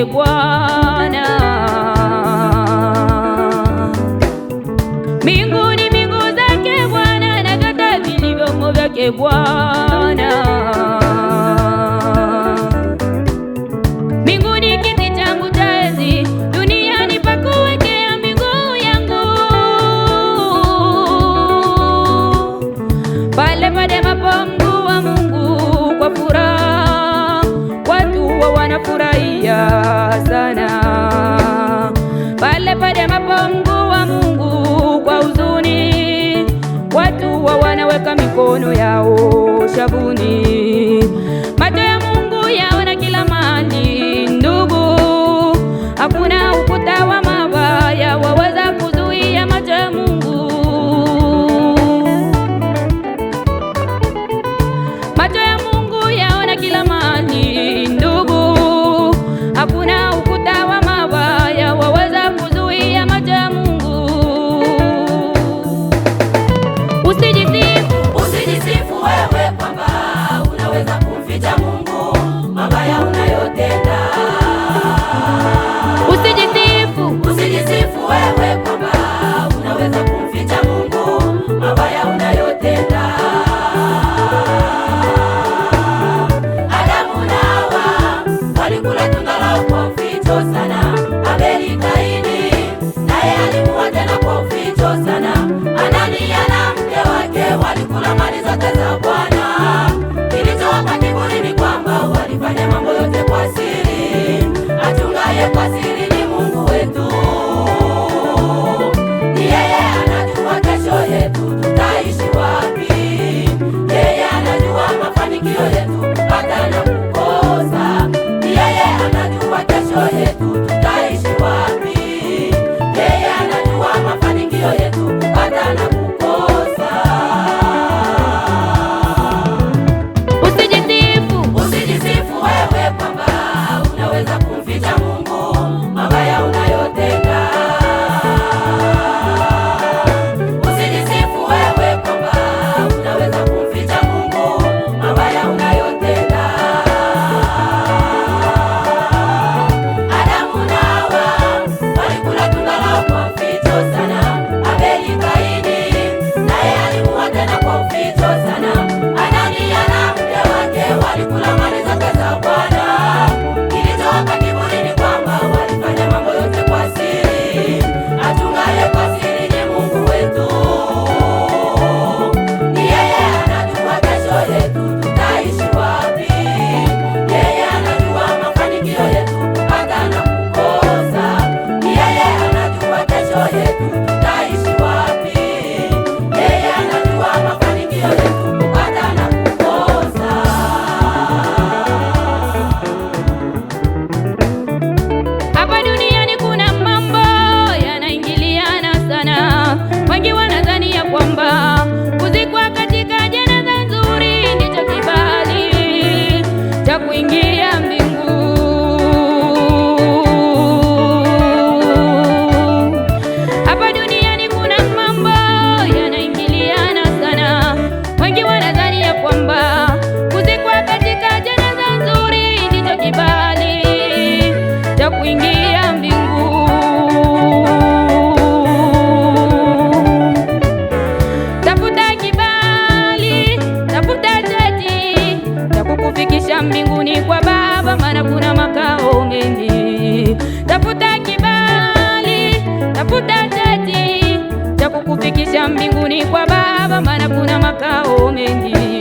e Bwana. Mbinguni mbingu zake Bwana na kata vilivyomo vyake Bwana makono yawo shabunii walikula mali zote za Bwana. Kilichowapa kiburi ni kwamba walifanya mambo yote kwa siri. Achungaye kwa siri ni Mungu wetu, ni yeye anajua kesho yetu tutaishi wapi. Yeye anajua mafanikio yetu hata na mbinguni kwa Baba, maana kuna makao mengi. Tafuta kibali, tafuta cheti cha kukufikisha mbinguni kwa Baba, maana kuna makao mengi.